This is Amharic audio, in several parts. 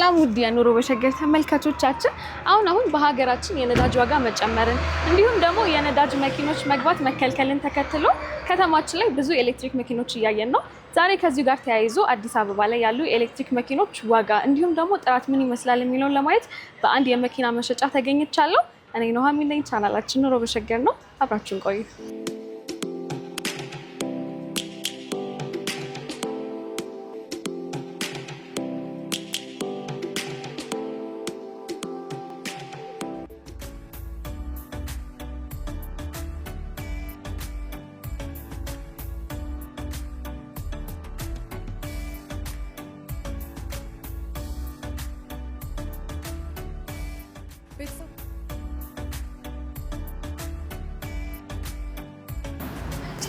ሰላም ውድ የኑሮ በሸገር ተመልካቾቻችን፣ አሁን አሁን በሀገራችን የነዳጅ ዋጋ መጨመርን እንዲሁም ደግሞ የነዳጅ መኪኖች መግባት መከልከልን ተከትሎ ከተማችን ላይ ብዙ ኤሌክትሪክ መኪኖች እያየን ነው። ዛሬ ከዚሁ ጋር ተያይዞ አዲስ አበባ ላይ ያሉ ኤሌክትሪክ መኪኖች ዋጋ እንዲሁም ደግሞ ጥራት ምን ይመስላል የሚለውን ለማየት በአንድ የመኪና መሸጫ ተገኝቻለሁ። እኔ ኑሃሚን ነኝ። ቻናላችን ኑሮ በሸገር ነው። አብራችን ቆዩ።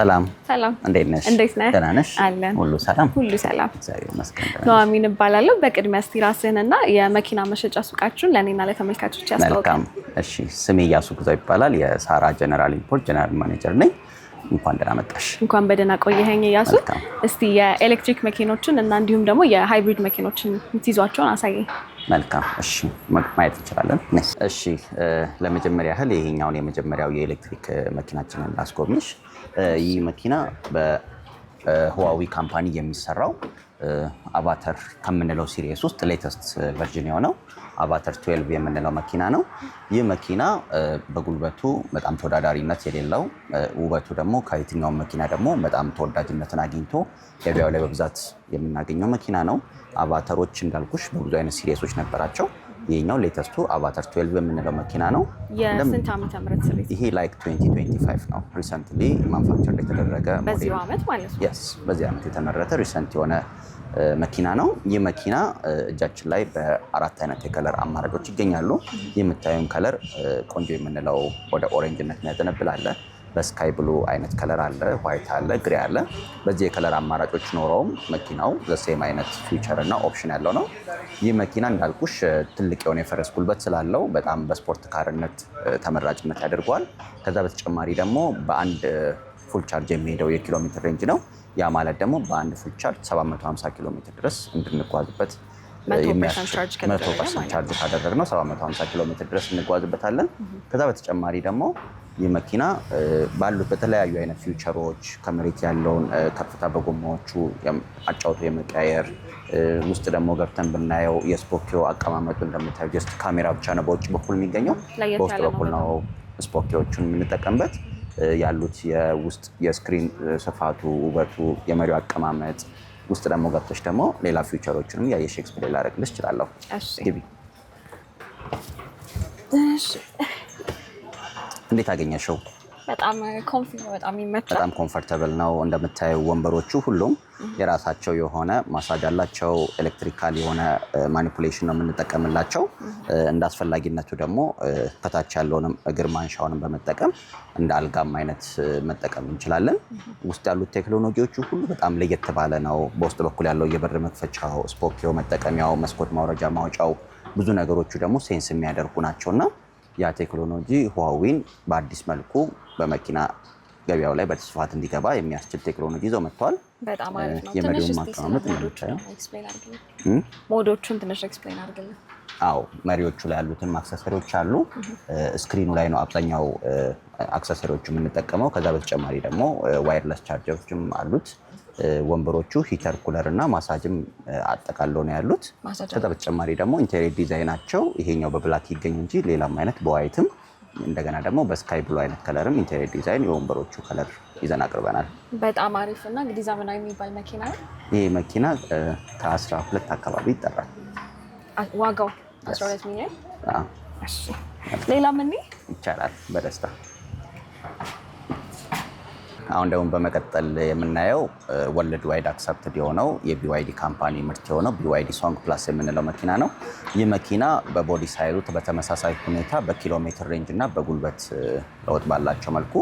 ሰላም ሰላም፣ እንዴት ነሽ? እንዴት ነህ? ደህና ነሽ? አለን ሁሉ ሰላም፣ ሁሉ ሰላም፣ እግዚአብሔር ይመስገን። ኑሐሚን እባላለሁ። በቅድሚያ እስቲ ራስህንና የመኪና መሸጫ ሱቃችሁን ለእኔና ለተመልካቾች ያስተዋውቅ። መልካም። እሺ፣ ስሜ ኢያሱ ጉዛው ይባላል። የሳራ ጀነራል ኢምፖርት ጀነራል ማኔጀር ነኝ። እንኳን ደህና መጣሽ። እንኳን በደህና ቆየኸኝ እያሱ። እስቲ የኤሌክትሪክ መኪኖችን እና እንዲሁም ደግሞ የሃይብሪድ መኪኖችን የምትይዟቸውን አሳየኝ። መልካም እሺ፣ ማየት እንችላለን። እሺ፣ ለመጀመሪያ ያህል ይሄኛውን የመጀመሪያው የኤሌክትሪክ መኪናችንን ላስጎብኝሽ። ይህ መኪና በህዋዊ ካምፓኒ የሚሰራው አቫተር ከምንለው ሲሪየስ ውስጥ ሌተስት ቨርዥን የሆነው አቫተር ትዌልቭ የምንለው መኪና ነው። ይህ መኪና በጉልበቱ በጣም ተወዳዳሪነት የሌለው ውበቱ ደግሞ ከየትኛውም መኪና ደግሞ በጣም ተወዳጅነትን አግኝቶ ገበያው ላይ በብዛት የምናገኘው መኪና ነው። አቫተሮች እንዳልኩሽ በብዙ አይነት ሲሪየሶች ነበራቸው። ይሄኛው ሌተስቱ አቫተር 12 የምንለው መኪና ነው። የስንት ዓመተ ምህረት ስሪት? ይሄ ላይክ 2025 ነው። ሪሰንትሊ ማንፋክቸር የተደረገ በዚህ ዓመት ማለት ነው። የስ በዚህ ዓመት የተመረተ ሪሰንት የሆነ መኪና ነው። ይህ መኪና እጃችን ላይ በአራት አይነት የከለር አማራጮች ይገኛሉ። የምታዩን ከለር ቆንጆ የምንለው ወደ ኦሬንጅነት ያዘነብላለ በስካይ ብሉ አይነት ከለር አለ፣ ዋይት አለ፣ ግሬ አለ። በዚህ የከለር አማራጮች ኖረውም መኪናው ዘሴም አይነት ፊውቸር እና ኦፕሽን ያለው ነው። ይህ መኪና እንዳልኩሽ ትልቅ የሆነ የፈረስ ጉልበት ስላለው በጣም በስፖርት ካርነት ተመራጭነት ያደርገዋል። ከዛ በተጨማሪ ደግሞ በአንድ ፉል ቻርጅ የሚሄደው የኪሎ ሜትር ሬንጅ ነው። ያ ማለት ደግሞ በአንድ ፉል ቻርጅ 750 ኪሎ ሜትር ድረስ እንድንጓዝበት መቶ ፐርሰንት ቻርጅ ካደረግነው 750 ኪሎ ሜትር ድረስ እንጓዝበታለን። ከዛ በተጨማሪ ደግሞ ይህ መኪና ባሉት በተለያዩ አይነት ፊውቸሮች ከመሬት ያለውን ከፍታ በጎማዎቹ አጫውቶ የመቀያየር ውስጥ ደግሞ ገብተን ብናየው የስፖኪዮ አቀማመጡ እንደምታዩ ጀስት ካሜራ ብቻ ነው በውጭ በኩል የሚገኘው። በውስጥ በኩል ነው ስፖኪዎቹን የምንጠቀምበት። ያሉት የውስጥ የስክሪን ስፋቱ፣ ውበቱ፣ የመሪው አቀማመጥ ውስጥ ደግሞ ገብተች ደግሞ ሌላ ፊውቸሮችንም ያየሽ ኤክስፕሌን ላደርግልሽ እችላለሁ። እንዴት አገኘሽው? በጣም ይመቻል። በጣም ኮምፈርተብል ነው። እንደምታየው ወንበሮቹ ሁሉም የራሳቸው የሆነ ማሳጅ አላቸው። ኤሌክትሪካል የሆነ ማኒፑሌሽን ነው የምንጠቀምላቸው። እንደ አስፈላጊነቱ ደግሞ ከታች ያለውንም እግር ማንሻውንም በመጠቀም እንደ አልጋም አይነት መጠቀም እንችላለን። ውስጥ ያሉት ቴክኖሎጂዎቹ ሁሉ በጣም ለየት ባለ ነው። በውስጥ በኩል ያለው የበር መክፈቻው፣ ስፖኪዮ መጠቀሚያው፣ መስኮት ማውረጃ ማውጫው ብዙ ነገሮቹ ደግሞ ሴንስ የሚያደርጉ ናቸውና ያ ቴክኖሎጂ ህዋዊን በአዲስ መልኩ በመኪና ገበያው ላይ በስፋት እንዲገባ የሚያስችል ቴክኖሎጂ ይዘው መጥተዋል። ማቀማመጥ አሪፍ ነው። ሞዶቹን ትንሽ ኤክስፕሌን አድርግልን። አዎ መሪዎቹ ላይ ያሉትን አክሰሰሪዎች አሉ። ስክሪኑ ላይ ነው አብዛኛው አክሰሰሪዎች የምንጠቀመው። ከዛ በተጨማሪ ደግሞ ዋይርለስ ቻርጀሮችም አሉት። ወንበሮቹ ሂተር ኩለር እና ማሳጅም አጠቃለው ነው ያሉት። ከዛ በተጨማሪ ደግሞ ኢንቴሪየር ዲዛይናቸው ይሄኛው በብላክ ይገኝ እንጂ ሌላም አይነት በዋይትም እንደገና ደግሞ በስካይ ብሉ አይነት ከለርም ኢንቴሪየር ዲዛይን የወንበሮቹ ከለር ይዘን አቅርበናል። በጣም አሪፍ እና እንግዲህ ዘመናዊ የሚባል መኪና ነው። ይህ መኪና ከአስራ ሁለት አካባቢ ይጠራል። ዋጋው 12 ሚሊዮን ሌላ ምን ይቻላል በደስታ አሁን ደግሞ በመቀጠል የምናየው ወርልድ ዋይድ አክሰፕትድ የሆነው የቢዋይዲ ካምፓኒ ምርት የሆነው ቢዋይዲ ሶንግ ፕላስ የምንለው መኪና ነው። ይህ መኪና በቦዲ ሳይሉት በተመሳሳይ ሁኔታ በኪሎ ሜትር ሬንጅ እና በጉልበት ለውጥ ባላቸው መልኩ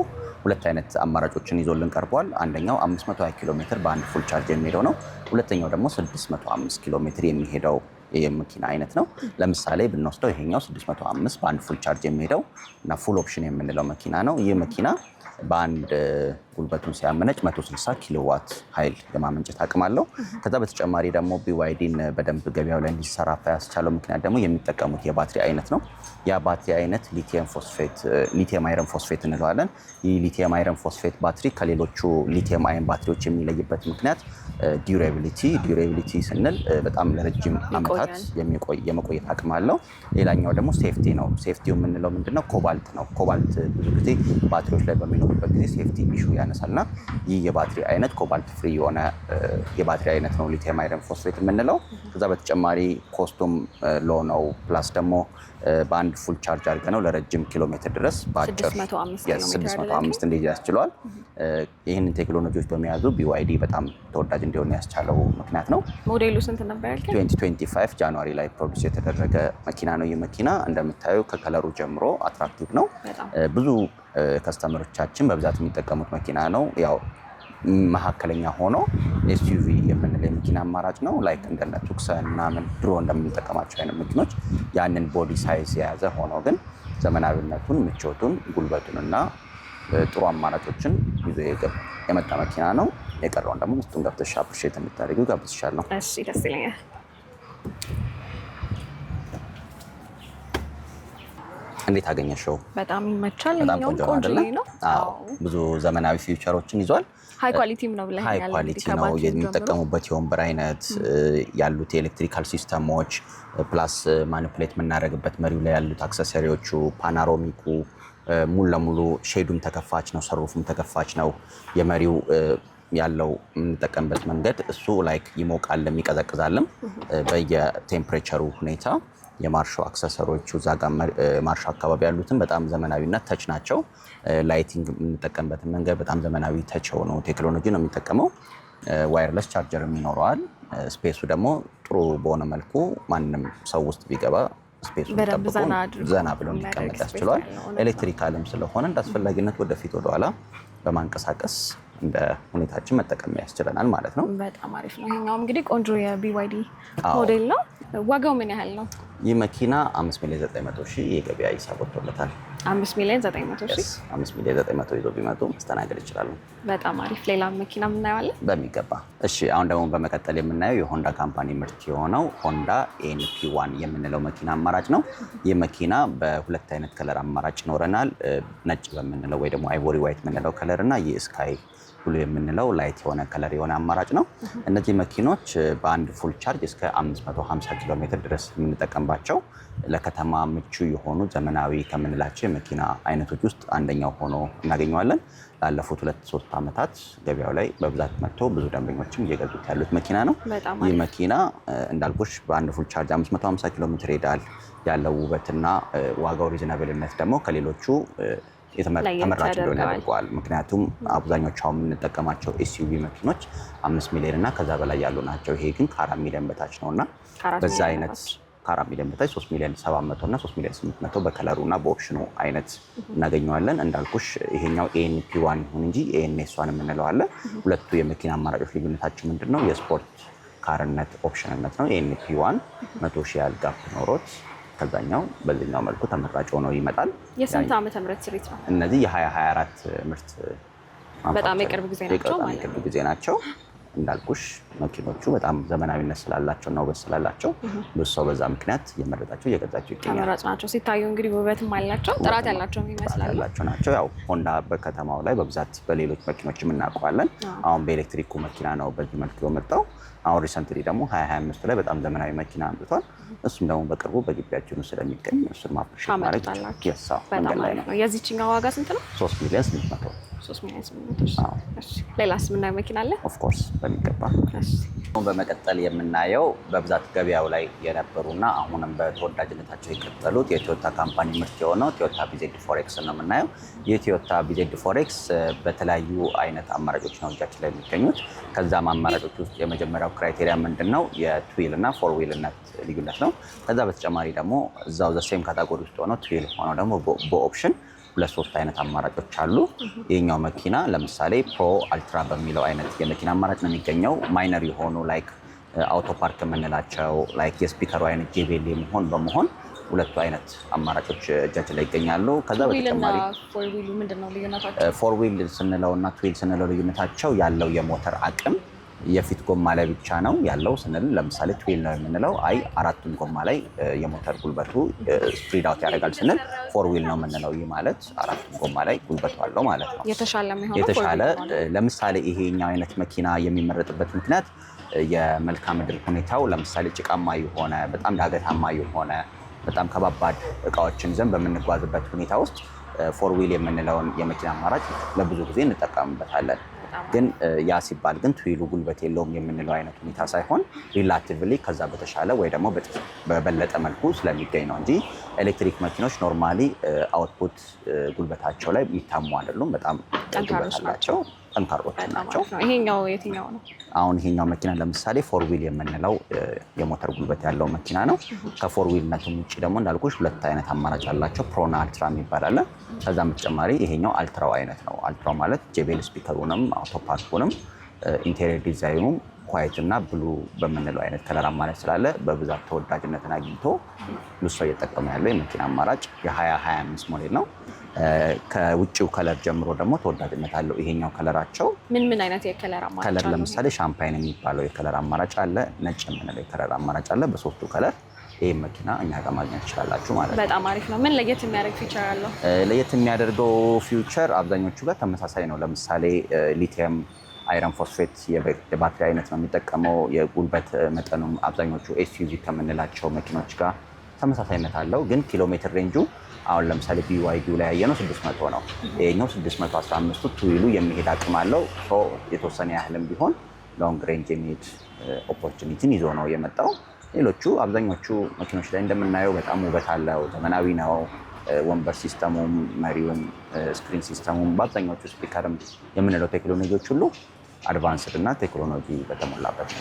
ሁለት አይነት አማራጮችን ይዞልን ቀርቧል። አንደኛው 520 ኪሎ ሜትር በአንድ ፉል ቻርጅ የሚሄደው ነው። ሁለተኛው ደግሞ 605 ኪሎ ሜትር የሚሄደው የመኪና አይነት ነው። ለምሳሌ ብንወስደው ይሄኛው 605 በአንድ ፉል ቻርጅ የሚሄደው እና ፉል ኦፕሽን የምንለው መኪና ነው። ይህ መኪና በአንድ ጉልበቱን ሲያመነጭ 160 ኪሎዋት ኃይል የማመንጨት አቅም አለው። ከዛ በተጨማሪ ደግሞ ቢዋይዲን በደንብ ገበያው ላይ እንዲሰራፋ ያስቻለው ምክንያት ደግሞ የሚጠቀሙት የባትሪ አይነት ነው። ያ ባትሪ አይነት ሊቲየም አይረን ፎስፌት እንለዋለን። ይህ ሊቲየም አይረን ፎስፌት ባትሪ ከሌሎቹ ሊቲየም አይን ባትሪዎች የሚለይበት ምክንያት ዲዩሬቢሊቲ፣ ዲዩሬቢሊቲ ስንል በጣም ለረጅም ዓመታት የመቆየት አቅም አለው። ሌላኛው ደግሞ ሴፍቲ ነው። ሴፍቲ የምንለው ምንድነው? ኮባልት ነው። ኮባልት ብዙ ጊዜ ባትሪዎች ላይ በሚኖሩበት ጊዜ ሴፍቲ ኢሹ ያ ያነሳል እና ይህ የባትሪ አይነት ኮባልት ፍሪ የሆነ የባትሪ አይነት ነው ሊቲየም አይረን ፎስፌት የምንለው። ከዛ በተጨማሪ ኮስቱም ሎ ነው። ፕላስ ደግሞ በአንድ ፉል ቻርጅ አድርገ ነው ለረጅም ኪሎ ሜትር ድረስ በአጭር 605 እንዴት ያስችለዋል። ይህንን ቴክኖሎጂዎች በመያዙ ቢዋይዲ በጣም ተወዳጅ እንዲሆን ያስቻለው ምክንያት ነው። ሞዴሉ ስንት ነበር 2025 ጃንዋሪ ላይ ፕሮዲስ የተደረገ መኪና ነው። ይህ መኪና እንደምታየው ከከለሩ ጀምሮ አትራክቲቭ ነው ብዙ ከስተመሮቻችን በብዛት የሚጠቀሙት መኪና ነው። ያው መካከለኛ ሆኖ ኤስዩቪ የምንለው የመኪና አማራጭ ነው። ላይክ እንደነ ቱክሰን ምናምን ድሮ እንደምንጠቀማቸው አይነት መኪኖች ያንን ቦዲ ሳይዝ የያዘ ሆኖ ግን ዘመናዊነቱን፣ ምቾቱን፣ ጉልበቱን እና ጥሩ አማራጮችን ይዞ የመጣ መኪና ነው። የቀረውን ደግሞ ውስጡን ገብተሽ አፕሪሼት እንድታደርጊው ጋብዝሻለሁ። እሺ፣ ደስ ይለኛል። እንዴት አገኘሽው? በጣም ይመቻል። በጣም ቆንጆ ነው። ብዙ ዘመናዊ ፊውቸሮችን ይዟል። ሃይ ኳሊቲም ነው ብለህ ሃይ ኳሊቲ ነው። የሚጠቀሙበት የወንበር አይነት ያሉት የኤሌክትሪካል ሲስተሞች ፕላስ ማኒፕሌት የምናደርግበት መሪው ላይ ያሉት አክሰሰሪዎቹ፣ ፓናሮሚኩ ሙሉ ለሙሉ ሼዱም ተከፋች ነው፣ ሰሩፉም ተከፋች ነው። የመሪው ያለው የምንጠቀምበት መንገድ እሱ ላይክ ይሞቃልም ይቀዘቅዛልም በየቴምፕሬቸሩ ሁኔታ የማርሾ አክሰሰሮቹ እዛ ጋር ማርሾ አካባቢ ያሉትን በጣም ዘመናዊና ተች ናቸው። ላይቲንግ የምንጠቀምበትን መንገድ በጣም ዘመናዊ ተች ሆኖ ቴክኖሎጂ ነው የሚጠቀመው። ዋይርለስ ቻርጀርም ይኖረዋል። ስፔሱ ደግሞ ጥሩ በሆነ መልኩ ማንም ሰው ውስጥ ቢገባ ስፔሱ ጠብቆ ዘና ብሎ እንዲቀመጥ ያስችለዋል። ኤሌክትሪካልም ስለሆነ እንዳስፈላጊነት ወደፊት ወደኋላ በማንቀሳቀስ እንደ ሁኔታችን መጠቀም ያስችለናል ማለት ነው። በጣም አሪፍ ነው። ይሄኛው እንግዲህ ቆንጆ የቢዋይዲ ሞዴል ነው። ዋጋው ምን ያህል ነው? ይህ መኪና 5 ሚሊዮን ዘ9መቶ ሺህ የገበያ ሂሳብ ወጥቶለታል። አምስት ሚሊዮን መቶ ሺህ አምስት ሚሊዮን መቶ ይዞ ቢመጡ መስተናገድ ይችላሉ። በጣም አሪፍ። ሌላ መኪና የምናየዋለን በሚገባ እሺ። አሁን ደግሞ በመቀጠል የምናየው የሆንዳ ካምፓኒ ምርት የሆነው ሆንዳ ኤንፒ ዋን የምንለው መኪና አማራጭ ነው። ይህ መኪና በሁለት አይነት ከለር አማራጭ ይኖረናል። ነጭ በምንለው ወይ ደግሞ አይቮሪ ዋይት የምንለው ከለር እና ይህ ስካይ ብሉ የምንለው ላይት የሆነ ከለር የሆነ አማራጭ ነው። እነዚህ መኪኖች በአንድ ፉል ቻርጅ እስከ 550 ኪሎ ሜትር ድረስ የምንጠቀምባቸው ለከተማ ምቹ የሆኑ ዘመናዊ ከምንላቸው የመኪና አይነቶች ውስጥ አንደኛው ሆኖ እናገኘዋለን። ላለፉት ሁለት ሶስት ዓመታት ገበያው ላይ በብዛት መጥቶ ብዙ ደንበኞችም እየገዙት ያሉት መኪና ነው። ይህ መኪና እንዳልኩሽ በአንድ ፉል ቻርጅ 550 ኪሎ ሜትር ይሄዳል። ያለው ውበትና ዋጋው ሪዝናብልነት ደግሞ ከሌሎቹ ተመራጭ እንደሆነ ያደርገዋል። ምክንያቱም አብዛኞቹ የምንጠቀማቸው ኤስዩቪ መኪኖች አምስት ሚሊዮን እና ከዛ በላይ ያሉ ናቸው። ይሄ ግን ከአራት ሚሊዮን በታች ነው እና በዛ አይነት ከአራት ሚሊዮን በታች ሶስት ሚሊዮን ሰባት መቶ እና ሶስት ሚሊዮን ስምንት መቶ በከለሩ እና በኦፕሽኑ አይነት እናገኘዋለን። እንዳልኩሽ ይሄኛው ኤንፒ ዋን ይሁን እንጂ ኤንኤስ ዋን የምንለዋለ። ሁለቱ የመኪና አማራጮች ልዩነታቸው ምንድን ነው? የስፖርት ካርነት ኦፕሽንነት ነው። ኤንፒ ዋን መቶ ሺ ያህል ጋፕ ኖሮት ከዛኛው በዚህኛው መልኩ ተመራጭ ሆኖ ይመጣል። የስንት ዓመተ ምህረት ስሪት ነው? እነዚህ የ2024 ምርት በጣም የቅርብ ጊዜ ናቸው። የቅርብ ጊዜ ናቸው። እንዳልኩሽ መኪኖቹ በጣም ዘመናዊነት ስላላቸው እና ውበት ስላላቸው ብዙ ሰው በዛ ምክንያት እየመረጣቸው እየገዛቸው ይገኛል። ተመራጭ ናቸው። ሲታዩ እንግዲህ ውበትም አላቸው፣ ጥራት ያላቸው ይመስላሉ ያላቸው ናቸው። ያው ሆንዳ በከተማው ላይ በብዛት በሌሎች መኪኖች የምናውቀዋለን። አሁን በኤሌክትሪኩ መኪና ነው በዚህ መልኩ የመጣው አሁን ሪሰንትሊ ደግሞ 2025 ላይ በጣም ዘመናዊ መኪና አምጥቷል። እሱም ደግሞ በቅርቡ በግቢያችን ስለሚገኝ እሱን ማፕሪሼት ማለት ነው። የዚችኛው ዋጋ ስንት ነው? 3 ሚሊዮን 600 ሌላስ የምናየው መኪና አለ? ኦፍኮርስ በሚገባ በመቀጠል የምናየው በብዛት ገበያው ላይ የነበሩና አሁንም በተወዳጅነታቸው የቀጠሉት የቶዮታ ካምፓኒ ምርት የሆነው ቶዮታ ቢዜድ ፎሬክስ ነው የምናየው። ይህ ቶዮታ ቢዜድ ፎሬክስ በተለያዩ አይነት አማራጮች ነው እጃችን ላይ የሚገኙት። ከዛም አማራጮች ውስጥ የመጀመሪያው ክራይቴሪያ ምንድን ነው? የትዊል እና ፎር ዊልነት ልዩነት ነው። ከዛ በተጨማሪ ደግሞ እዛው ዘሴም ካታጎሪ ውስጥ ሆነው ትዊል ሆነው ደግሞ በኦፕሽን ሁለት ሶስት አይነት አማራጮች አሉ። ይህኛው መኪና ለምሳሌ ፕሮ አልትራ በሚለው አይነት የመኪና አማራጭ ነው የሚገኘው። ማይነር የሆኑ ላይክ አውቶ ፓርክ የምንላቸው ላይክ የስፒከሩ አይነት ጄቤሌ መሆን በመሆን ሁለቱ አይነት አማራጮች እጃችን ላይ ይገኛሉ። ከዛ በተጨማሪ ፎር ዊል ስንለው እና ትዊል ስንለው ልዩነታቸው ያለው የሞተር አቅም የፊት ጎማ ላይ ብቻ ነው ያለው ስንል ለምሳሌ ትዊል ነው የምንለው። አይ አራቱም ጎማ ላይ የሞተር ጉልበቱ ስፕሪድ አውት ያደርጋል ስንል ፎር ዊል ነው የምንለው። ይህ ማለት አራቱም ጎማ ላይ ጉልበቱ አለው ማለት ነው። የተሻለ ለምሳሌ ይሄኛው አይነት መኪና የሚመረጥበት ምክንያት የመልክዓ ምድር ሁኔታው ለምሳሌ ጭቃማ የሆነ በጣም ዳገታማ የሆነ በጣም ከባባድ እቃዎችን ይዘን በምንጓዝበት ሁኔታ ውስጥ ፎር ዊል የምንለውን የመኪና አማራጭ ለብዙ ጊዜ እንጠቀምበታለን። ግን ያ ሲባል ግን ቱዊሉ ጉልበት የለውም የምንለው አይነት ሁኔታ ሳይሆን ሪላቲቭሊ ከዛ በተሻለ ወይ ደግሞ በበለጠ መልኩ ስለሚገኝ ነው እንጂ ኤሌክትሪክ መኪኖች ኖርማሊ አውትፑት ጉልበታቸው ላይ ይታሙ አይደሉም። በጣም ጠንካሮች ናቸው። ጠንካሮች ናቸው። ይሄኛው የትኛው ነው? አሁን ይሄኛው መኪና ለምሳሌ ፎር ዊል የምንለው የሞተር ጉልበት ያለው መኪና ነው። ከፎር ዊልነቱም ውጭ ደግሞ እንዳልኩሽ ሁለት አይነት አማራጭ አላቸው። ፕሮና አልትራ የሚባል ከዛም በተጨማሪ ይሄኛው አልትራው አይነት ነው። አልትራው ማለት ጄቤል ስፒከሩንም አውቶፓርኩንም ኢንቴሪየር ዲዛይኑም ኳይት እና ብሉ በምንለው አይነት ከለር አማራጭ ስላለ በብዛት ተወዳጅነትን አግኝቶ ብዙ ሰው እየጠቀመ ያለው የመኪና አማራጭ የ2025 ሞዴል ነው። ከውጭው ከለር ጀምሮ ደግሞ ተወዳጅነት አለው ይሄኛው ከለራቸው። ምን ምን አይነት የከለር አማራጭ ከለር ለምሳሌ ሻምፓይን የሚባለው የከለር አማራጭ አለ፣ ነጭ የምንለው የከለር አማራጭ አለ። በሶስቱ ከለር ይህ መኪና እኛ ጋር ማግኘት ትችላላችሁ ማለት ነው። በጣም አሪፍ ነው። ምን ለየት የሚያደርግ ፊቸር አለው? ለየት የሚያደርገው ፊውቸር አብዛኞቹ ጋር ተመሳሳይ ነው። ለምሳሌ ሊቲየም አይረን ፎስፌት የባትሪ አይነት ነው የሚጠቀመው። የጉልበት መጠኑም አብዛኞቹ ኤስዩቪ ከምንላቸው መኪኖች ጋር ተመሳሳይነት አለው። ግን ኪሎ ሜትር ሬንጁ አሁን ለምሳሌ ፒዩአይዲው ላይ ያየነው 600 ነው። ይሄኛው 615 ቱዊሉ የሚሄድ አቅም አለው። የተወሰነ ያህልም ቢሆን ሎንግ ሬንጅ የሚሄድ ኦፖርቹኒቲን ይዞ ነው የመጣው። ሌሎቹ አብዛኞቹ መኪኖች ላይ እንደምናየው በጣም ውበት አለው፣ ዘመናዊ ነው። ወንበር ሲስተሙም፣ መሪውም፣ ስክሪን ሲስተሙም በአብዛኞቹ ስፒከርም የምንለው ቴክኖሎጂዎች ሁሉ አድቫንስድ እና ቴክኖሎጂ በተሞላበት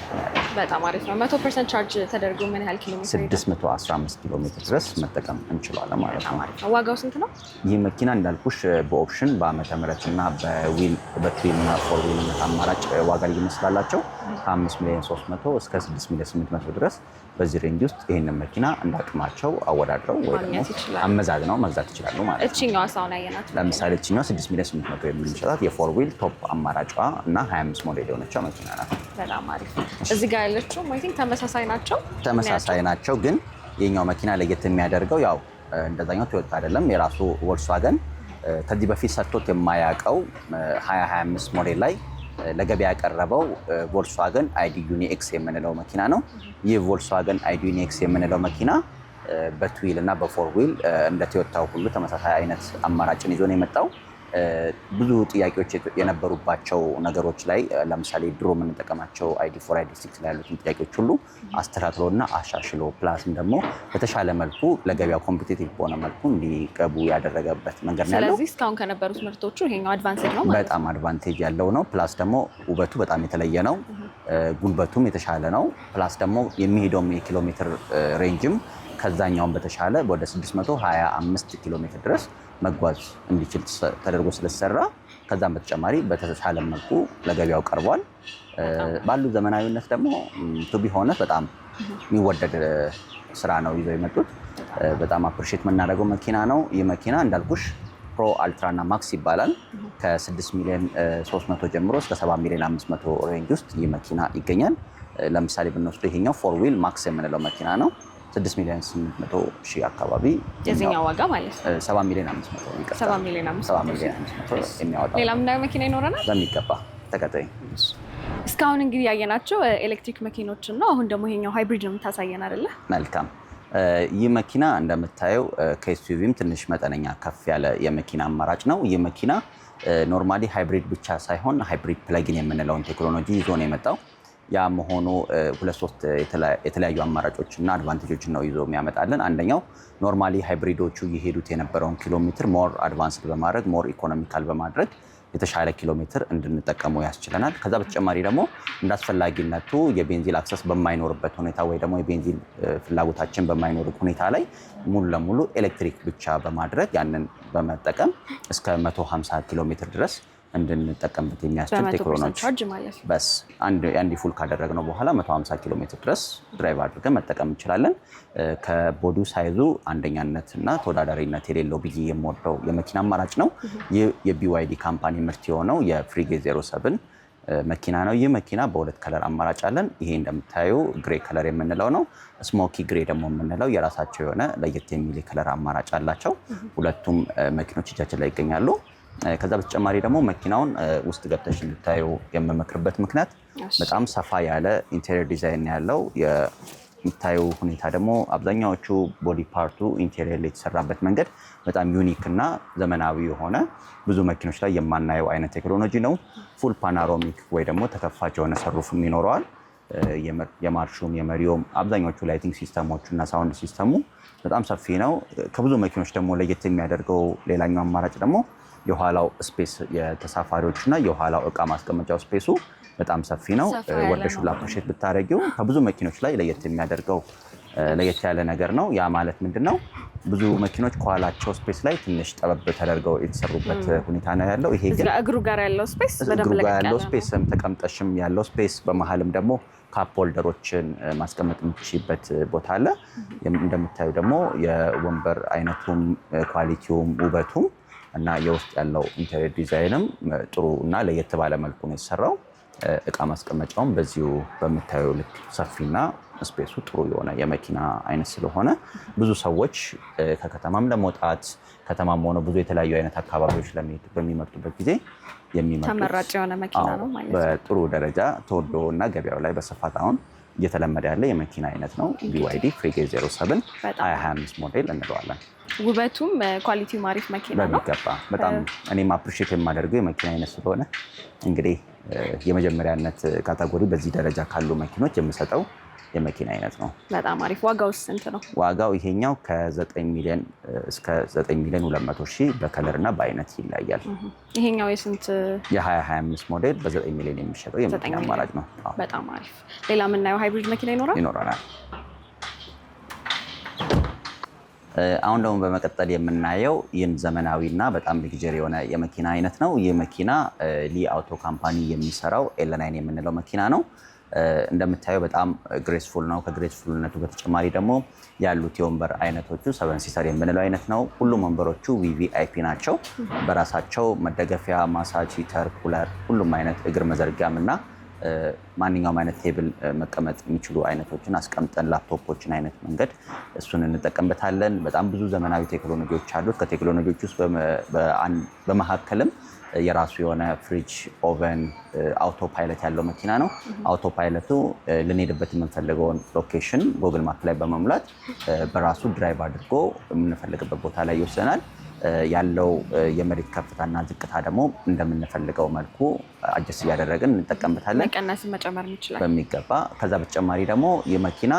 በጣም አሪፍ ነው። መቶ ፐርሰንት ቻርጅ ተደርጎ ምን ያህል ኪሎ ሜትር? ስድስት መቶ አስራ አምስት ኪሎ ሜትር ድረስ መጠቀም እንችላለን ማለት ነው። ዋጋው ስንት ነው? ይህ መኪና እንዳልኩሽ በኦፕሽን በአመተ ምህረት እና በዊል በትዊል እና ፎር ዊል አማራጭ ዋጋ ልዩነት ስላላቸው ከአምስት ሚሊዮን ሶስት መቶ እስከ ስድስት ሚሊዮን ስምንት መቶ ድረስ በዚህ ሬንጅ ውስጥ ይህንን መኪና እንዳቅማቸው አወዳድረው ወይ ደግሞ አመዛዝነው መግዛት ይችላሉ ማለት ነው። እችኛዋ ሳሁን ያየናት ለምሳሌ እችኛዋ 6 ሚሊዮን 800 የምንሸጣት የፎር ዊል ቶፕ አማራጫ እና 25 ሞዴል የሆነችው መኪና ናት። እዚህ ጋር ያለችው ተመሳሳይ ናቸው፣ ተመሳሳይ ናቸው። ግን የኛው መኪና ለየት የሚያደርገው ያው እንደዛኛው ቶዮታ አይደለም። የራሱ ቮልክስዋገን ከዚህ በፊት ሰጥቶት የማያውቀው 2025 ሞዴል ላይ ለገበያ ያቀረበው ቮልስዋገን አይዲ ኤክስ የምንለው መኪና ነው። ይህ ቮልስዋገን አይዲ ኤክስ የምንለው መኪና በትዊል እና በፎር ዊል እንደ ቶዮታው ሁሉ ተመሳሳይ አይነት አማራጭን ይዞ ነው የመጣው። ብዙ ጥያቄዎች የነበሩባቸው ነገሮች ላይ ለምሳሌ ድሮ የምንጠቀማቸው አይዲ ፎር አይዲ ሲክስ ላይ ያሉትን ጥያቄዎች ሁሉ እና አሻሽሎ ፕላስም ደግሞ በተሻለ መልኩ ለገበያ ኮምፒቴቲቭ በሆነ መልኩ እንዲገቡ ያደረገበት መንገድ ነው ያለው። ስለዚህ እስካሁን ከነበሩት ምርቶቹ ይሄኛው አድቫንቴጅ ነው፣ በጣም አድቫንቴጅ ያለው ነው። ፕላስ ደግሞ ውበቱ በጣም የተለየ ነው፣ ጉልበቱም የተሻለ ነው። ፕላስ ደግሞ የሚሄደውም የኪሎ ሜትር ሬንጅም ከዛኛውም በተሻለ ወደ 625 ኪሎ ሜትር ድረስ መጓዝ እንዲችል ተደርጎ ስለተሰራ ከዛም በተጨማሪ በተሻለ መልኩ ለገበያው ቀርቧል። ባሉ ዘመናዊነት ደግሞ ቱቢ ሆነ በጣም የሚወደድ ስራ ነው ይዘው የመጡት። በጣም አፕሪሼት የምናደርገው መኪና ነው። ይህ መኪና እንዳልኩሽ ፕሮ አልትራ እና ማክስ ይባላል። ከ6 ሚሊዮን 300 ጀምሮ እስከ 7 ሚሊዮን 500 ሬንጅ ውስጥ ይህ መኪና ይገኛል። ለምሳሌ ብንወስዱ ይሄኛው ፎር ዊል ማክስ የምንለው መኪና ነው። ስድስት ሚሊዮን ስምንት መቶ ሺህ አካባቢ የዚህኛው ዋጋ ማለት ነው። ሰባ ሚሊዮን አምስት መቶ ሰባ ሚሊዮን አምስት መቶ የሚያወጣ ሌላ ምናየው መኪና ይኖረናል በሚገባ ተቀጣይ እስካሁን እንግዲህ ያየናቸው ኤሌክትሪክ መኪኖች ነው። አሁን ደግሞ ይሄኛው ሃይብሪድ ነው የምታሳየን አይደለ? መልካም። ይህ መኪና እንደምታየው ከኤስዩቪም ትንሽ መጠነኛ ከፍ ያለ የመኪና አማራጭ ነው። ይህ መኪና ኖርማሊ ሃይብሪድ ብቻ ሳይሆን ሃይብሪድ ፕለጊን የምንለውን ቴክኖሎጂ ይዞ ነው የመጣው። ያ መሆኑ ሁለት ሶስት የተለያዩ አማራጮች እና አድቫንቴጆችን ነው ይዞ የሚያመጣለን። አንደኛው ኖርማሊ ሃይብሪዶቹ የሄዱት የነበረውን ኪሎ ሜትር ሞር አድቫንስድ በማድረግ ሞር ኢኮኖሚካል በማድረግ የተሻለ ኪሎ ሜትር እንድንጠቀሙ ያስችለናል። ከዛ በተጨማሪ ደግሞ እንዳስፈላጊነቱ የቤንዚል አክሰስ በማይኖርበት ሁኔታ ወይ ደግሞ የቤንዚል ፍላጎታችን በማይኖር ሁኔታ ላይ ሙሉ ለሙሉ ኤሌክትሪክ ብቻ በማድረግ ያንን በመጠቀም እስከ 150 ኪሎ ሜትር ድረስ እንድንጠቀምበት የሚያስችል ቴክኖሎጂ በስ አንድ ፉል ካደረግነው በኋላ 150 ኪሎ ሜትር ድረስ ድራይቭ አድርገን መጠቀም እንችላለን። ከቦዲ ሳይዙ አንደኛነት እና ተወዳዳሪነት የሌለው ብዬ የምወደው የመኪና አማራጭ ነው። ይህ የቢዋይዲ ካምፓኒ ምርት የሆነው የፍሪጌ 07 መኪና ነው። ይህ መኪና በሁለት ከለር አማራጭ አለን። ይሄ እንደምታዩ ግሬ ከለር የምንለው ነው። ስሞኪ ግሬ ደግሞ የምንለው የራሳቸው የሆነ ለየት የሚል ከለር አማራጭ አላቸው። ሁለቱም መኪኖች እጃችን ላይ ይገኛሉ። ከዛ በተጨማሪ ደግሞ መኪናውን ውስጥ ገብተሽ እንድታዩ የምመክርበት ምክንያት በጣም ሰፋ ያለ ኢንቴሪየር ዲዛይን ያለው የሚታዩ ሁኔታ ደግሞ አብዛኛዎቹ ቦዲ ፓርቱ ኢንቴሪየር ላይ የተሰራበት መንገድ በጣም ዩኒክ እና ዘመናዊ የሆነ ብዙ መኪኖች ላይ የማናየው አይነት ቴክኖሎጂ ነው። ፉል ፓናሮሚክ ወይ ደግሞ ተከፋች የሆነ ሰሩፍም ይኖረዋል። የማርሹም የመሪውም አብዛኛዎቹ ላይቲንግ ሲስተሞቹ እና ሳውንድ ሲስተሙ በጣም ሰፊ ነው። ከብዙ መኪኖች ደግሞ ለየት የሚያደርገው ሌላኛው አማራጭ ደግሞ የኋላው ስፔስ የተሳፋሪዎች እና የኋላው እቃ ማስቀመጫው ስፔሱ በጣም ሰፊ ነው። ወርደሽ ሁላ ፕሮሼት ብታደረጊው ከብዙ መኪኖች ላይ ለየት የሚያደርገው ለየት ያለ ነገር ነው። ያ ማለት ምንድን ነው? ብዙ መኪኖች ከኋላቸው ስፔስ ላይ ትንሽ ጠበብ ተደርገው የተሰሩበት ሁኔታ ነው ያለው። ይሄ ግን እግሩ ጋር ያለው ስፔስ እግሩ ጋር ያለው ስፔስም ተቀምጠሽም ያለው ስፔስ በመሀልም ደግሞ ካፕ ሆልደሮችን ማስቀመጥ የምትችይበት ቦታ አለ። እንደምታዩ ደግሞ የወንበር አይነቱም ኳሊቲውም ውበቱም እና የውስጥ ያለው ኢንቴሪየር ዲዛይንም ጥሩ እና ለየት ባለ መልኩ ነው የተሰራው። እቃ ማስቀመጫውም በዚሁ በምታየው ልክ ሰፊና ስፔሱ ጥሩ የሆነ የመኪና አይነት ስለሆነ ብዙ ሰዎች ከከተማም ለመውጣት ከተማም ሆነ ብዙ የተለያዩ አይነት አካባቢዎች ለመሄድ በሚመርጡበት ጊዜ የሚመርጡት ተመራጭ የሆነ መኪና ነው ማለት ነው። በጥሩ ደረጃ ተወዶ እና ገበያው ላይ በስፋት አሁን እየተለመደ ያለ የመኪና አይነት ነው። ቢዋይዲ ፍሪጌ 07 25 ሞዴል እንለዋለን። ውበቱም ኳሊቲውም አሪፍ መኪና ነው በሚገባ በጣም እኔም አፕሪሼት የማደርገው የመኪና አይነት ስለሆነ እንግዲህ የመጀመሪያነት ካታጎሪ በዚህ ደረጃ ካሉ መኪኖች የምሰጠው የመኪና አይነት ነው። በጣም አሪፍ። ዋጋው ስንት ነው? ዋጋው ይሄኛው ከ9 ሚሊዮን እስከ 9 ሚሊዮን 200 ሺህ በከለር እና በአይነት ይለያል። ይሄኛው የስንት የ2025 ሞዴል በ9 ሚሊዮን የሚሸጠው የመኪና አማራጭ ነው። በጣም አሪፍ። ሌላ የምናየው ሃይብሪድ መኪና ይኖራል ይኖረናል። አሁን ደግሞ በመቀጠል የምናየው ይህን ዘመናዊ እና በጣም ልግጀር የሆነ የመኪና አይነት ነው። ይህ መኪና ሊ አውቶ ካምፓኒ የሚሰራው ኤለናይን የምንለው መኪና ነው። እንደምታየው በጣም ግሬስፉል ነው። ከግሬስፉልነቱ በተጨማሪ ደግሞ ያሉት የወንበር አይነቶቹ ሰቨን ሲተር የምንለው አይነት ነው። ሁሉም ወንበሮቹ ቪቪአይፒ ናቸው። በራሳቸው መደገፊያ፣ ማሳጅ፣ ሂተር፣ ኩለር ሁሉም አይነት እግር መዘርጊያም እና ማንኛውም አይነት ቴብል መቀመጥ የሚችሉ አይነቶችን አስቀምጠን ላፕቶፖችን አይነት መንገድ እሱን እንጠቀምበታለን። በጣም ብዙ ዘመናዊ ቴክኖሎጂዎች አሉት። ከቴክኖሎጂዎች ውስጥ በመካከልም የራሱ የሆነ ፍሪጅ፣ ኦቨን፣ አውቶ ፓይለት ያለው መኪና ነው። አውቶ ፓይለቱ ልንሄድበት የምንፈልገውን ሎኬሽን ጎግል ማፕ ላይ በመሙላት በራሱ ድራይቭ አድርጎ የምንፈልግበት ቦታ ላይ ይወስደናል። ያለው የመሬት ከፍታና ዝቅታ ደግሞ እንደምንፈልገው መልኩ አጀስ እያደረግን እንጠቀምበታለን። መቀነስ መጨመር ይችላል በሚገባ። ከዛ በተጨማሪ ደግሞ የመኪና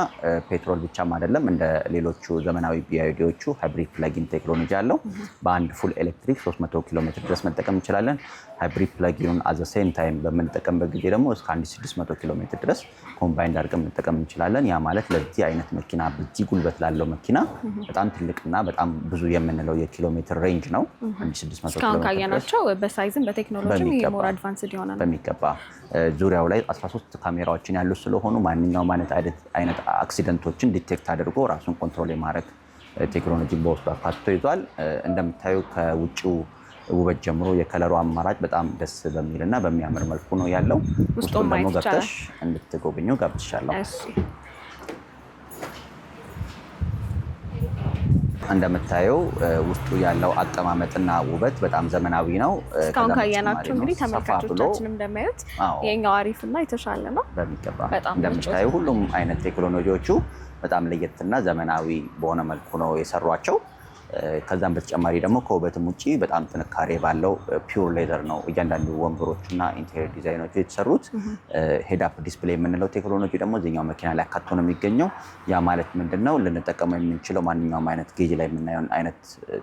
ፔትሮል ብቻም አይደለም። እንደ ሌሎቹ ዘመናዊ ቢዋይዲዎቹ ሃይብሪድ ፕለጊን ቴክኖሎጂ አለው። በአንድ ፉል ኤሌክትሪክ 300 ኪሎ ሜትር ድረስ መጠቀም እንችላለን። ሃይብሪድ ፕለጊኑን አዘ ሴም ታይም በምንጠቀምበት ጊዜ ደግሞ እስከ 1600 ኪሎ ሜትር ድረስ ኮምባይንድ አድርገን መጠቀም እንችላለን። ያ ማለት ለዚህ አይነት መኪና በዚህ ጉልበት ላለው መኪና በጣም ትልቅና በጣም ብዙ የምንለው የኪሎ ሜትር ሬንጅ ነው። 1600 ኪሎ ሜትር ናቸው። በሳይዝም በቴክኖሎጂም ሞር አድቫንስድ ይሆናል በሚገባ ዙሪያው ላይ 13 ካሜራዎችን ያሉ ስለሆኑ ማንኛውም አይነት አክሲደንቶችን ዲቴክት አድርጎ ራሱን ኮንትሮል የማድረግ ቴክኖሎጂ በውስጡ አካትቶ ይዟል። እንደምታዩ ከውጭው ውበት ጀምሮ የከለሩ አማራጭ በጣም ደስ በሚል እና በሚያምር መልኩ ነው ያለው። ውስጡን ደግሞ ገብተሽ እንድትጎብኘው ጋብዝሻለሁ። እንደምታየው ውስጡ ያለው አቀማመጥና ውበት በጣም ዘመናዊ ነው። እስካሁን ካየናቸው እንግዲህ ተመልካቾቻችንም እንደሚያዩት የኛው አሪፍና የተሻለ ነው በሚገባ። እንደምታየው ሁሉም አይነት ቴክኖሎጂዎቹ በጣም ለየትና ዘመናዊ በሆነ መልኩ ነው የሰሯቸው። ከዛም በተጨማሪ ደግሞ ከውበትም ውጭ በጣም ጥንካሬ ባለው ፒውር ሌዘር ነው እያንዳንዱ ወንበሮች እና ኢንቴሪየር ዲዛይኖቹ የተሰሩት። ሄድ አፕ ዲስፕሌይ የምንለው ቴክኖሎጂ ደግሞ እዚኛው መኪና ላይ አካቶ ነው የሚገኘው። ያ ማለት ምንድን ነው? ልንጠቀመው የምንችለው ማንኛውም አይነት ጌጅ ላይ የምናየውን አይነት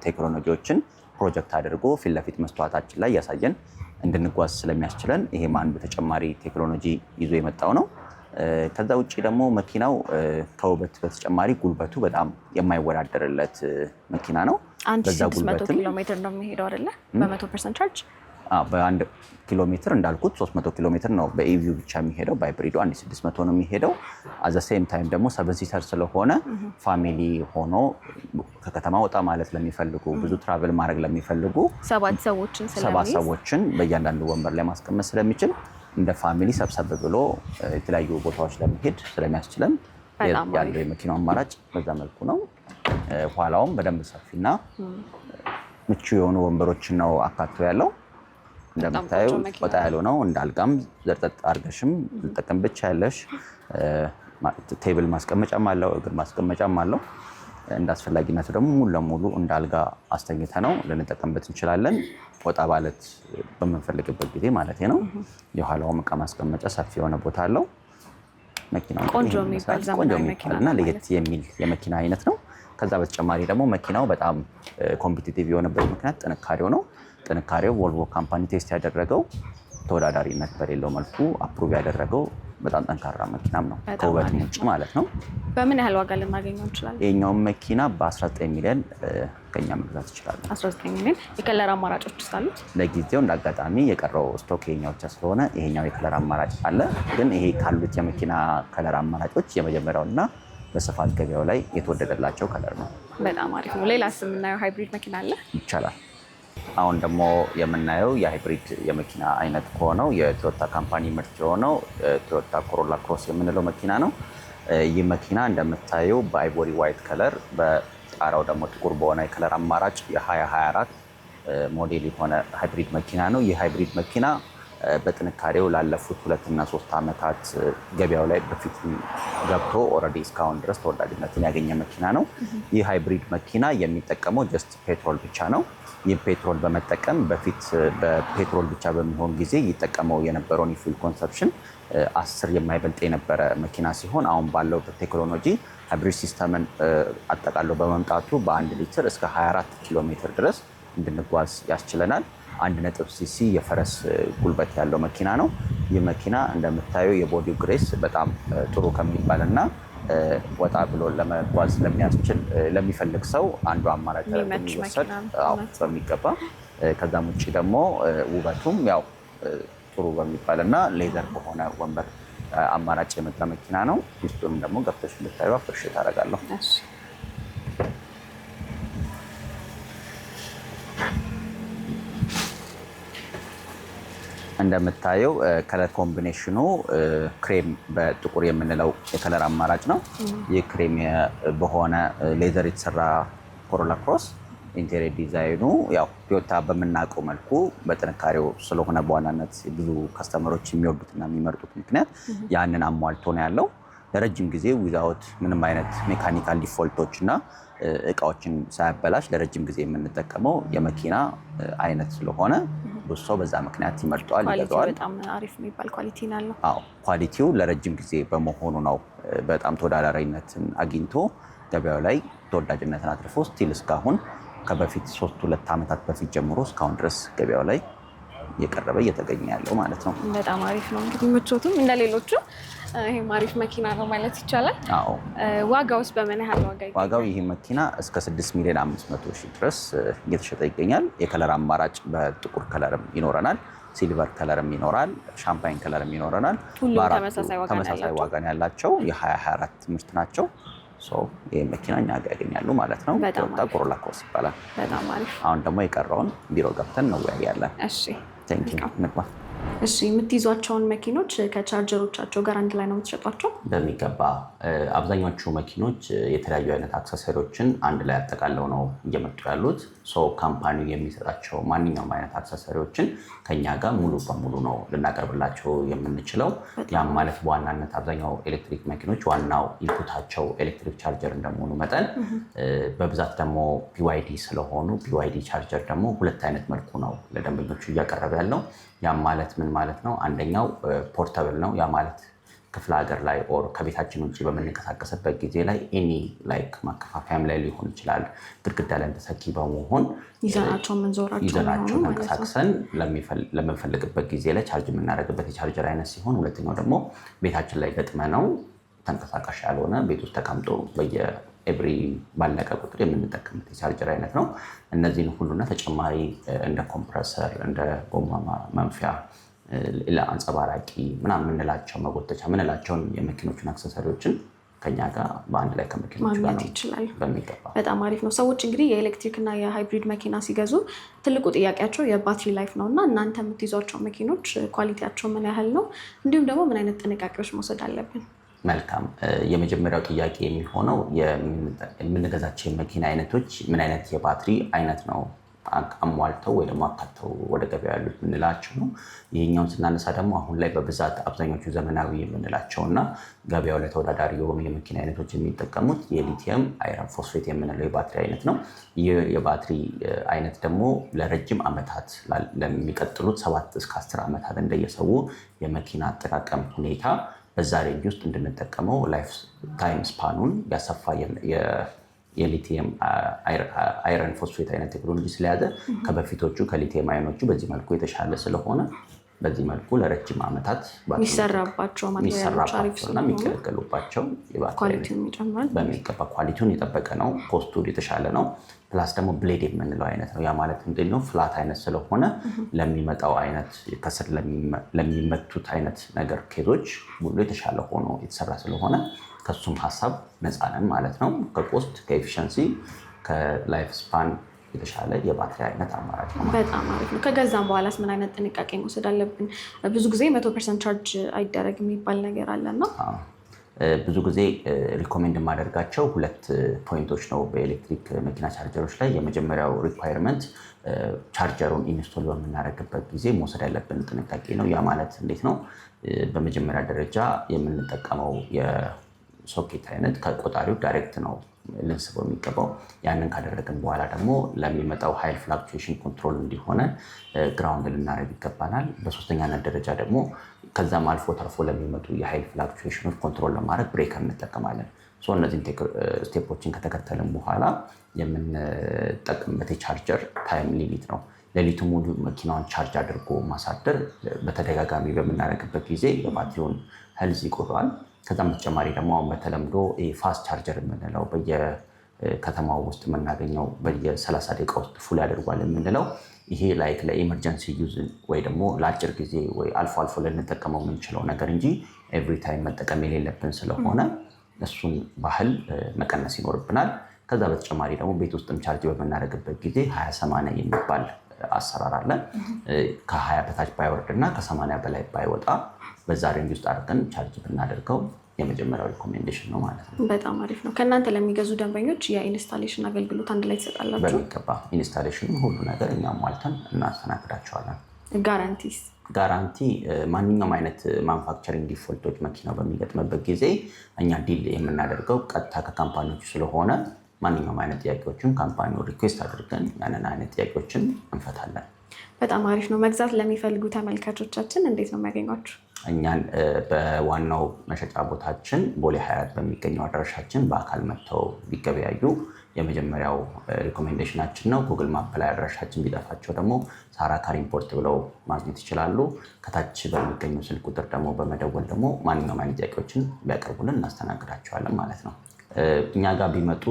ቴክኖሎጂዎችን ፕሮጀክት አድርጎ ፊት ለፊት መስተዋታችን ላይ እያሳየን እንድንጓዝ ስለሚያስችለን ይሄም አንዱ ተጨማሪ ቴክኖሎጂ ይዞ የመጣው ነው። ከዛ ውጭ ደግሞ መኪናው ከውበት በተጨማሪ ጉልበቱ በጣም የማይወዳደርለት መኪና ነው። ኪሎ ሜትር ነው የሚሄደው አይደለ? በመቶ ፐርሰንት ቻርጅ በአንድ ኪሎ ሜትር እንዳልኩት 300 ኪሎ ሜትር ነው በኢቪዩ ብቻ የሚሄደው። በሃይብሪዱ 1600 ነው የሚሄደው። አዘ ሴም ታይም ደግሞ ሰቨን ሲተር ስለሆነ ፋሚሊ ሆኖ ከከተማ ወጣ ማለት ለሚፈልጉ ብዙ ትራቨል ማድረግ ለሚፈልጉ ሰባት ሰዎችን በእያንዳንዱ ወንበር ላይ ማስቀመጥ ስለሚችል እንደ ፋሚሊ ሰብሰብ ብሎ የተለያዩ ቦታዎች ለመሄድ ስለሚያስችለን ያለው የመኪናው አማራጭ በዛ መልኩ ነው። ኋላውም በደንብ ሰፊና ምቹ የሆኑ ወንበሮችን ነው አካቶ ያለው። እንደምታዩ ወጣ ያለው ነው። እንደ አልጋም ዘርጠጥ አርገሽም ልጠቀም ብቻ ያለሽ ቴብል ማስቀመጫም አለው፣ እግር ማስቀመጫም አለው። እንደ ደግሞ ሙሉ ለሙሉ እንደ አልጋ አስተኝተ ነው ልንጠቀምበት እንችላለን። ወጣ ባለት በምንፈልግበት ጊዜ ማለት ነው። የኋላው እቃ ማስቀመጫ ሰፊ የሆነ ቦታ አለው። መኪናው ቆንጆ የሚባል እና ለየት የሚል የመኪና አይነት ነው። ከዛ በተጨማሪ ደግሞ መኪናው በጣም ኮምፒቲቲቭ የሆነበት ምክንያት ጥንካሬው ነው። ጥንካሬው ቮልቮ ካምፓኒ ቴስት ያደረገው ተወዳዳሪነት በሌለው መልኩ አፕሩቭ ያደረገው በጣም ጠንካራ መኪናም ነው ከውበት ውጭ ማለት ነው። በምን ያህል ዋጋ ልናገኘው እንችላለን? ይኸኛውን መኪና በ19 ሚሊዮን ከኛ መግዛት ይችላል። 19 ሚሊዮን። የከለር አማራጮች ውስጥ አሉት? ለጊዜው እንዳጋጣሚ የቀረው ስቶክ ይሄኛው ብቻ ስለሆነ ይሄኛው የከለር አማራጭ አለ። ግን ይሄ ካሉት የመኪና ከለር አማራጮች የመጀመሪያው ና በስፋት ገበያው ላይ የተወደደላቸው ከለር ነው። በጣም አሪፍ ነው። ሌላስ የምናየው ሃይብሪድ መኪና አለ? ይቻላል አሁን ደግሞ የምናየው የሃይብሪድ የመኪና አይነት ከሆነው የቶዮታ ካምፓኒ ምርት የሆነው ቶዮታ ኮሮላ ክሮስ የምንለው መኪና ነው። ይህ መኪና እንደምታየው በአይቦሪ ዋይት ከለር በጣራው ደግሞ ጥቁር በሆነ የከለር አማራጭ የ2024 ሞዴል የሆነ ሃይብሪድ መኪና ነው። ይህ ሃይብሪድ መኪና በጥንካሬው ላለፉት ሁለትና ሶስት ዓመታት ገበያው ላይ በፊት ገብቶ ኦልሬዲ እስካሁን ድረስ ተወዳጅነትን ያገኘ መኪና ነው። ይህ ሃይብሪድ መኪና የሚጠቀመው ጀስት ፔትሮል ብቻ ነው። ይህ ፔትሮል በመጠቀም በፊት በፔትሮል ብቻ በሚሆን ጊዜ ይጠቀመው የነበረውን የፊል ኮንሰፕሽን አስር የማይበልጥ የነበረ መኪና ሲሆን አሁን ባለው ቴክኖሎጂ ሃይብሪድ ሲስተምን አጠቃሎ በመምጣቱ በአንድ ሊትር እስከ 24 ኪሎ ሜትር ድረስ እንድንጓዝ ያስችለናል። አንድ ነጥብ ሲሲ የፈረስ ጉልበት ያለው መኪና ነው። ይህ መኪና እንደምታየው የቦዲው ግሬስ በጣም ጥሩ ከሚባል እና ወጣ ብሎ ለመጓዝ ለሚያስችል ለሚፈልግ ሰው አንዱ አማራጭ የሚወሰድ በሚገባ ከዛም ውጭ ደግሞ ውበቱም ያው ጥሩ በሚባል እና ሌዘር በሆነ ወንበር አማራጭ የመጣ መኪና ነው። ውስጡንም ደግሞ ገብተሽ እንድታዩ አፍርሽ ታደርጋለሁ። እንደምታየው ከለር ኮምቢኔሽኑ ክሬም በጥቁር የምንለው የከለር አማራጭ ነው። ይህ ክሬም በሆነ ሌዘር የተሰራ ኮሮላ ክሮስ ኢንቴሪየር ዲዛይኑ ያው ቶዮታ በምናውቀው መልኩ በጥንካሬው ስለሆነ በዋናነት ብዙ ከስተመሮች የሚወዱትና የሚመርጡት ምክንያት ያንን አሟልቶ ነው ያለው። ለረጅም ጊዜ ዊዛውት ምንም አይነት ሜካኒካል ዲፎልቶች እና እቃዎችን ሳያበላሽ ለረጅም ጊዜ የምንጠቀመው የመኪና አይነት ስለሆነ ብዙ ሰው በዛ ምክንያት ይመርጠዋል፣ ይገዛዋል። በጣም አሪፍ የሚባል ኳሊቲ ያለው አዎ፣ ኳሊቲው ለረጅም ጊዜ በመሆኑ ነው በጣም ተወዳዳሪነትን አግኝቶ ገበያው ላይ ተወዳጅነትን አትርፎ ስቲል እስካሁን ከበፊት ሶስት ሁለት ዓመታት በፊት ጀምሮ እስካሁን ድረስ ገበያው ላይ እየቀረበ እየተገኘ ያለው ማለት ነው። በጣም አሪፍ ነው። እንግዲህ ምቾቱም እንደሌሎቹ ይሄም አሪፍ መኪና ነው ማለት ይቻላል። ዋጋውስ በምን ያህል ዋጋ ዋጋው ይህ መኪና እስከ 6 ሚሊዮን 500 ሺህ ድረስ እየተሸጠ ይገኛል። የከለር አማራጭ በጥቁር ከለርም ይኖረናል፣ ሲልቨር ከለርም ይኖራል፣ ሻምፓይን ከለርም ይኖረናል። ተመሳሳይ ዋጋ ያላቸው የ2024 ምርት ናቸው። ይህ መኪና እኛ ጋር ያገኛሉ ማለት ነው። ወጣ ኮሮላ ክሮስ ይባላል። አሁን ደግሞ የቀረውን ቢሮ ገብተን እንወያያለን። ንግባ እሺ የምትይዟቸውን መኪኖች ከቻርጀሮቻቸው ጋር አንድ ላይ ነው የምትሸጧቸው? በሚገባ አብዛኞቹ መኪኖች የተለያዩ አይነት አክሰሰሪዎችን አንድ ላይ አጠቃለው ነው እየመጡ ያሉት። ሶ ካምፓኒው የሚሰጣቸው ማንኛውም አይነት አክሰሰሪዎችን ከኛ ጋር ሙሉ በሙሉ ነው ልናቀርብላቸው የምንችለው። ያም ማለት በዋናነት አብዛኛው ኤሌክትሪክ መኪኖች ዋናው ኢንፑታቸው ኤሌክትሪክ ቻርጀር እንደመሆኑ መጠን በብዛት ደግሞ ቢዋይዲ ስለሆኑ ቢዋይዲ ቻርጀር ደግሞ ሁለት አይነት መልኩ ነው ለደንበኞቹ እያቀረበ ያለው ያም ማለት ምን ማለት ነው? አንደኛው ፖርተብል ነው። ያ ማለት ክፍለ ሀገር ላይ ኦር ከቤታችን ውጭ በምንንቀሳቀስበት ጊዜ ላይ ኤኒ ላይክ ማከፋፈያም ላይ ሊሆን ይችላል። ግድግዳ ላይ ተሰኪ በመሆን ይዘናቸው መንቀሳቀሰን ለምንፈልግበት ጊዜ ላይ ቻርጅ የምናደርግበት የቻርጀር አይነት ሲሆን፣ ሁለተኛው ደግሞ ቤታችን ላይ ገጥመ ነው ተንቀሳቃሽ ያልሆነ ቤት ውስጥ ተቀምጦ በየ ኤብሪ ባለቀ ቁጥር የምንጠቀምበት የቻርጀር አይነት ነው። እነዚህን ሁሉና ተጨማሪ እንደ ኮምፕረሰር፣ እንደ ጎማ መንፊያ፣ አንጸባራቂ ምናምን የምንላቸው መጎተቻ ምንላቸውን የመኪኖችን አክሰሰሪዎችን ከኛ ጋር በአንድ ላይ ከመኪኖች ይችላል በጣም አሪፍ ነው። ሰዎች እንግዲህ የኤሌክትሪክ እና የሃይብሪድ መኪና ሲገዙ ትልቁ ጥያቄያቸው የባትሪ ላይፍ ነው እና እናንተ የምትይዟቸው መኪኖች ኳሊቲያቸው ምን ያህል ነው? እንዲሁም ደግሞ ምን አይነት ጥንቃቄዎች መውሰድ አለብን? መልካም የመጀመሪያው ጥያቄ የሚሆነው የምንገዛቸው የመኪና አይነቶች ምን አይነት የባትሪ አይነት ነው አሟልተው ወይ ደግሞ አካተው ወደ ገበያ ያሉት የምንላቸው ነው። ይህኛውን ስናነሳ ደግሞ አሁን ላይ በብዛት አብዛኞቹ ዘመናዊ የምንላቸው እና ገበያው ላይ ተወዳዳሪ የሆኑ የመኪና አይነቶች የሚጠቀሙት የሊቲየም አይረን ፎስፌት የምንለው የባትሪ አይነት ነው። ይህ የባትሪ አይነት ደግሞ ለረጅም ዓመታት ለሚቀጥሉት ሰባት እስከ አስር ዓመታት እንደየሰው የመኪና አጠቃቀም ሁኔታ በዛ ሬንጅ ውስጥ እንድንጠቀመው ላይፍ ታይም ስፓኑን ያሰፋ የሊቲየም አይረን ፎስፌት አይነት ቴክኖሎጂ ስለያዘ ከበፊቶቹ ከሊቲየም አይኖቹ በዚህ መልኩ የተሻለ ስለሆነ በዚህ መልኩ ለረጅም ዓመታት የሚሰራባቸው እና የሚገለገሉባቸው በሚገባ ኳሊቲውን የጠበቀ ነው። ኮስቱ የተሻለ ነው። ፕላስ ደግሞ ብሌድ የምንለው አይነት ነው። ያ ማለት ምንድን ነው? ፍላት አይነት ስለሆነ ለሚመጣው አይነት ከስር ለሚመቱት አይነት ነገር ኬዞች ሁሉ የተሻለ ሆኖ የተሰራ ስለሆነ ከሱም ሀሳብ ነፃ ነን ማለት ነው። ከኮስት ከኤፊሽንሲ ከላይፍ ስፓን የተሻለ የባትሪ አይነት አማራጭ ነው። በጣም አሪፍ ነው። ከገዛም በኋላስ ምን አይነት ጥንቃቄ መውሰድ አለብን? ብዙ ጊዜ መቶ ፐርሰንት ቻርጅ አይደረግ የሚባል ነገር አለና ብዙ ጊዜ ሪኮሜንድ የማደርጋቸው ሁለት ፖይንቶች ነው በኤሌክትሪክ መኪና ቻርጀሮች ላይ። የመጀመሪያው ሪኳየርመንት ቻርጀሩን ኢንስቶል በምናደርግበት ጊዜ መውሰድ ያለብን ጥንቃቄ ነው። ያ ማለት እንዴት ነው? በመጀመሪያ ደረጃ የምንጠቀመው የሶኬት አይነት ከቆጣሪው ዳይሬክት ነው ልንስበው የሚገባው። ያንን ካደረግን በኋላ ደግሞ ለሚመጣው ሀይል ፍላክቹዌሽን ኮንትሮል እንዲሆነ ግራውንድ ልናደርግ ይገባናል። በሶስተኛነት ደረጃ ደግሞ ከዛም አልፎ ተርፎ ለሚመጡ የሀይል ፍላክቹዌሽኖች ኮንትሮል ለማድረግ ብሬከር እንጠቀማለን። እነዚህን ስቴፖችን ከተከተልን በኋላ የምንጠቀምበት የቻርጀር ታይም ሊሚት ነው። ሌሊቱ ሙሉ መኪናውን ቻርጅ አድርጎ ማሳደር በተደጋጋሚ በምናደርግበት ጊዜ የባትሪውን ሄልዝ ይቆረዋል። ከዛም በተጨማሪ ደግሞ አሁን በተለምዶ ፋስት ቻርጀር የምንለው በየከተማው ውስጥ የምናገኘው በየ30 ደቂቃ ውስጥ ፉል ያደርጓል የምንለው ይሄ ላይክ ለኤመርጀንሲ ዩዝ ወይ ደግሞ ለአጭር ጊዜ ወይ አልፎ አልፎ ልንጠቀመው የምንችለው ነገር እንጂ ኤቭሪ ታይም መጠቀም የሌለብን ስለሆነ እሱን ባህል መቀነስ ይኖርብናል። ከዛ በተጨማሪ ደግሞ ቤት ውስጥም ቻርጅ በምናደርግበት ጊዜ ሀያ ሰማንያ የሚባል አሰራር አለ። ከሀያ በታች ባይወርድ እና ከሰማንያ በላይ ባይወጣ በዛ ሬንጅ ውስጥ አድርገን ቻርጅ ብናደርገው የመጀመሪያው ሪኮሜንዴሽን ነው ማለት ነው። በጣም አሪፍ ነው። ከእናንተ ለሚገዙ ደንበኞች የኢንስታሌሽን አገልግሎት አንድ ላይ ትሰጣላችሁ? በሚገባ ኢንስታሌሽን፣ ሁሉ ነገር እኛም ሟልተን እናስተናግዳቸዋለን። ጋራንቲስ ጋራንቲ uh, ማንኛውም አይነት ማኑፋክቸሪንግ uh, ዲፎልቶች መኪናው በሚገጥምበት ጊዜ እኛ ዲል የምናደርገው ቀጥታ ከካምፓኒዎች ስለሆነ ማንኛውም አይነት ጥያቄዎችን ካምፓኒው ሪኩዌስት አድርገን ያንን አይነት ጥያቄዎችን እንፈታለን። በጣም አሪፍ ነው። መግዛት ለሚፈልጉ ተመልካቾቻችን እንዴት ነው የሚያገኟችሁ? እኛን በዋናው መሸጫ ቦታችን ቦሌ ሀያት በሚገኘው አድራሻችን በአካል መጥተው ቢገበያዩ የመጀመሪያው ሪኮሜንዴሽናችን ነው። ጉግል ማፕ ላይ አድራሻችን ቢጠፋቸው ደግሞ ሳራ ካር ኢምፖርት ብለው ማግኘት ይችላሉ። ከታች በሚገኘው ስልክ ቁጥር ደግሞ በመደወል ደግሞ ማንኛውም አይነት ጥያቄዎችን ቢያቀርቡልን እናስተናግዳቸዋለን ማለት ነው። እኛ ጋር ቢመጡ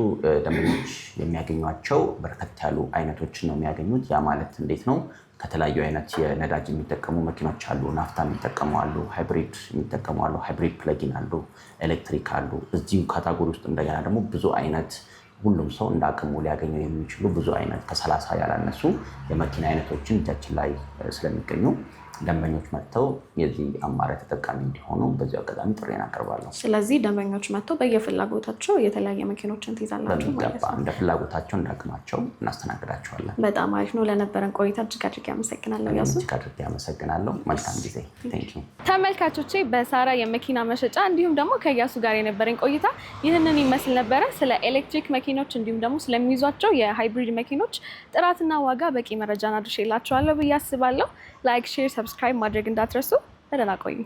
ደንበኞች የሚያገኟቸው በርከት ያሉ አይነቶችን ነው የሚያገኙት። ያ ማለት እንዴት ነው? ከተለያዩ አይነት የነዳጅ የሚጠቀሙ መኪኖች አሉ፣ ናፍታ የሚጠቀሙ አሉ፣ ሃይብሪድ የሚጠቀሙ አሉ፣ ሃይብሪድ ፕለጊን አሉ፣ ኤሌክትሪክ አሉ። እዚሁ ካታጎሪ ውስጥ እንደገና ደግሞ ብዙ አይነት ሁሉም ሰው እንደ አቅሙ ሊያገኘው የሚችሉ ብዙ አይነት ከሰላሳ ያላነሱ የመኪና አይነቶችን እጃችን ላይ ስለሚገኙ ደንበኞች መጥተው የዚህ አማራጭ ተጠቃሚ እንዲሆኑ በዚህ አጋጣሚ ጥሬን አቅርባለሁ። ስለዚህ ደንበኞች መጥተው በየፍላጎታቸው የተለያየ መኪኖችን ትይዛላችሁ ማለት ነው። እንደ ፍላጎታቸው እንዳቅማቸው እናስተናግዳቸዋለን። በጣም አሪፍ ነው። ለነበረን ቆይታ እጅግ አድርጌ አመሰግናለሁ። ያሱ እጅግ አድርጌ አመሰግናለሁ። መልካም ጊዜ። ተመልካቾቼ በሳራ የመኪና መሸጫ እንዲሁም ደግሞ ከያሱ ጋር የነበረን ቆይታ ይህንን ይመስል ነበረ። ስለ ኤሌክትሪክ መኪኖች እንዲሁም ደግሞ ስለሚይዟቸው የሃይብሪድ መኪኖች ጥራትና ዋጋ በቂ መረጃ አድርሼላችኋለሁ ብዬ አስባለሁ። ላይክ፣ ሼር፣ ሰብስክራይብ ማድረግ እንዳትረሱ። በደህና ቆዩ።